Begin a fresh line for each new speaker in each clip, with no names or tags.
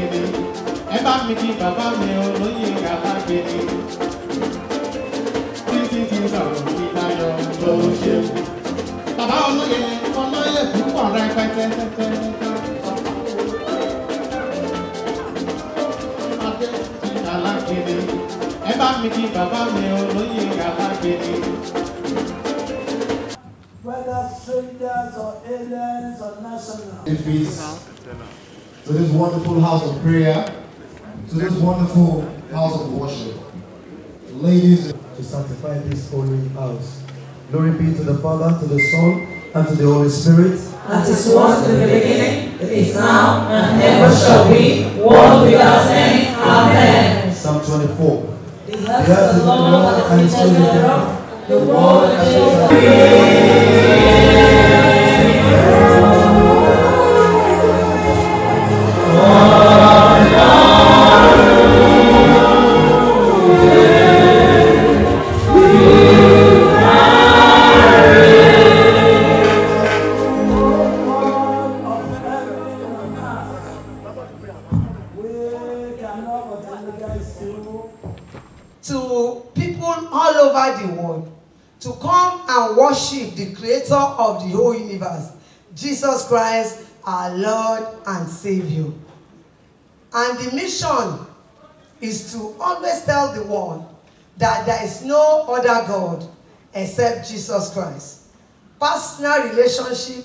gbèrè ẹ bá mi kí bàbá mi olóyè kàkà gbèrè títí ti sọ̀rọ̀ mi láyọ̀ ló ṣe bàbá olóyè olóyè púpọ̀ rẹpẹtẹ tẹ́tẹ́. alágbèrè ẹ bá mi kí bàbá mi olóyè alágbèrè. Whether strangers or aliens or nationals. to this wonderful house of prayer, to this wonderful house of worship. Ladies, to sanctify this holy house. Glory be to the Father, to the Son, and to the Holy Spirit. As it was in the beginning, it is now, and ever shall be, world without end. Amen. Psalm 24. The earth is the Lord, and the fullness thereof, the world is the to people all over the world to come and worship the creator of the whole universe, Jesus Christ, our Lord and Savior. And the mission is to always tell the world that there is no other God except Jesus Christ. Personal relationship,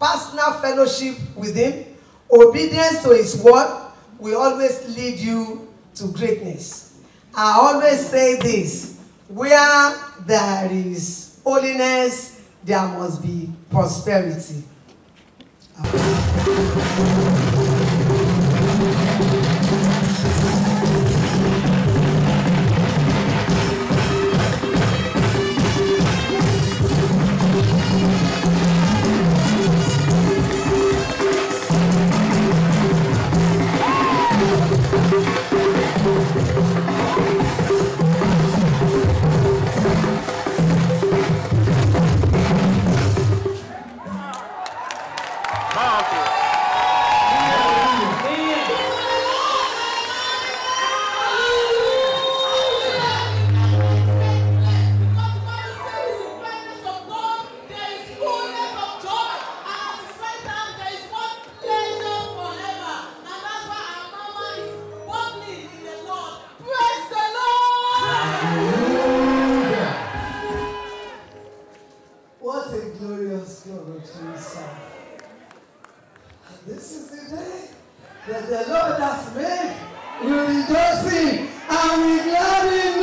personal fellowship with him, obedience to his word, will always lead you to greatness. I always say this, where there is holiness, there must be prosperity. What a glorious to This is the day that the Lord has made. We rejoice in and we glad in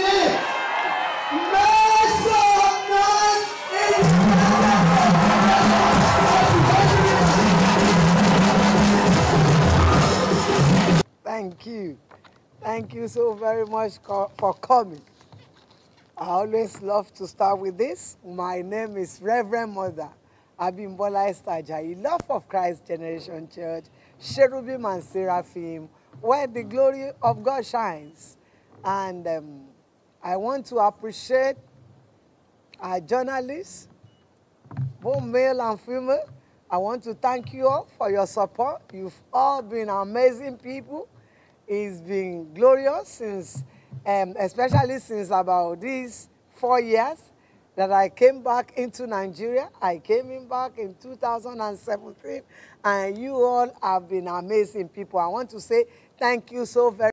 it. Thank you. Thank you so very much for coming. I always love to start with this. My name is Reverend Mother Abimbola Esther Ajayi, Love of Christ Generation Church, Cherubim and Seraphim, where the glory of God shines. And um, I want to appreciate our journalists, both male and female. I want to thank you all for your support. You've all been amazing people. It's been glorious since um, especially since about these four years that I came back into Nigeria. I came in back in 2017, and you all have been amazing people. I want to say thank you so very